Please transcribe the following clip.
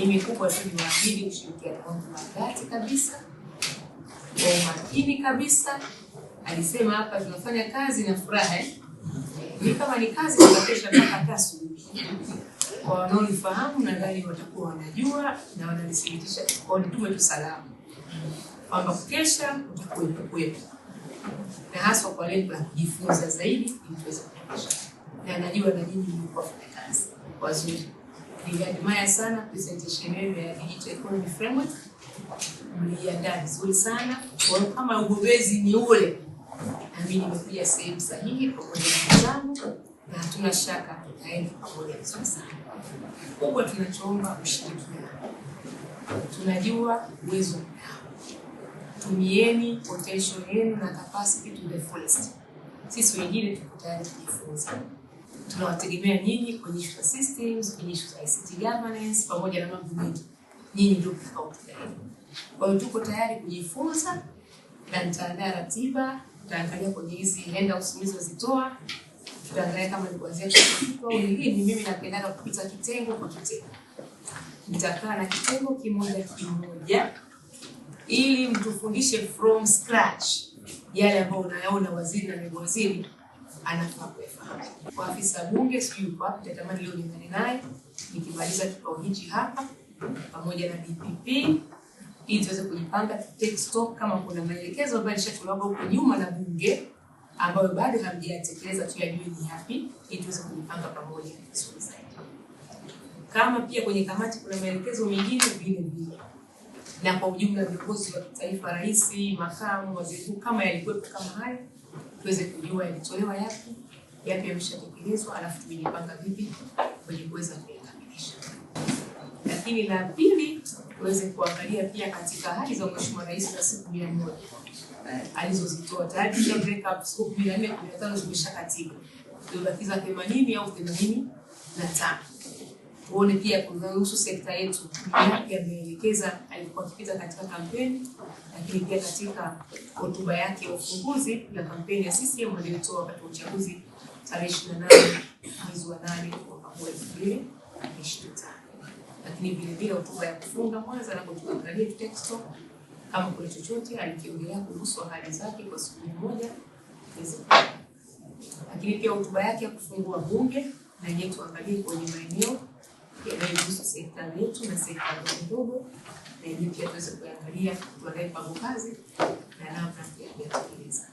mimi Mifuko yetu inabidi ushirikiano wangu wa dhati kabisa, kwa umakini kabisa. Alisema hapa tunafanya kazi na furaha eh? Ni kama ni kazi tunakesha mpaka asubuhi. Kwa wanaonifahamu nadhani watakuwa wanajua na wanalithibitisha kwa nitume tu salamu kwamba kukesha kutakuwepo kwetu, na haswa kwa lengo la kujifunza zaidi ili tuweze kukesha, na najua na nyinyi mlikuwa wafanya kazi wazuri Niliadmire sana presentation yenu ya Digital Economy Framework, mliandaa vizuri sana. Kwa hiyo kama ugombezi ni ule, nami nimekuja sehemu sahihi pamoja na wenzangu, na hatuna shaka tutaenda pamoja vizuri sana. Kubwa tunachoomba ushirikiano, tunajua uwezo mnao, tumieni potential yenu na capacity to the fullest. Sisi wengine tuko tayari kujifunza tunawategemea nyinyi kwenye issue za systems, kwenye issue za ICT governance pamoja na mambo mengi. Nyinyi ndio mtakaotuelewa. Kwa hiyo tuko tayari kujifunza na nitaandaa ratiba, tutaangalia kwenye hizi handouts nilizozitoa. Tutaangalia kama ni kuanzia kwa hiyo ni mimi napendaga kupita kitengo kwa kitengo. Nitakaa na kitengo kimoja kimoja ili mtufundishe from scratch yale ambayo unayaona waziri na naibu waziri anafaa kuyafahamu. Kwa afisa bunge sijui yuko wapi, natamani leo ningane naye nikimaliza kikao hichi hapa pamoja na DPP ili tuweze kujipanga take stock, kama kuna maelekezo ambayo yalishatolewa huko nyuma na bunge ambayo bado hamjayatekeleza tuyajue ni yapi, ili tuweze kujipanga pamoja vizuri zaidi. Kama pia kwenye kamati kuna maelekezo mengine vile vile, na kwa ujumla viongozi wa kitaifa, rais, makamu, waziri mkuu, kama yalikuwepo kama hayo tuweze kujua yalitolewa yapi, yapi yameshatekelezwa, alafu tumejipanga vipi kwenye kuweza kuyakamilisha. Lakini la pili, tuweze kuangalia pia katika hali za Mheshimiwa Rais za siku mia moja eh, alizozitoa tayari, kisha break up siku mia nne kumi na tano zimeshakatika, tumebakiza themanini au themanini na tano uone pia kuhusu sekta yetu yapi ameelekeza alikuwa akipita katika kampeni, lakini pia katika hotuba yake ya ufunguzi ya kampeni ya CCM aliyotoa wakati wa uchaguzi tarehe 28 mwezi wa 8 mwaka 2025, lakini vile vile hotuba ya kufunga Mwanza na kutuangalia texto kama kuna chochote alikiongelea kuhusu ahadi zake kwa siku moja, lakini pia hotuba yake ya kufungua bunge na yetu angalie kwenye maeneo yanayohusu serikali yetu na serikali ndogo, na hivyo pia tuweze kuangalia tuandae mpango kazi na namna ya kuyatekeleza.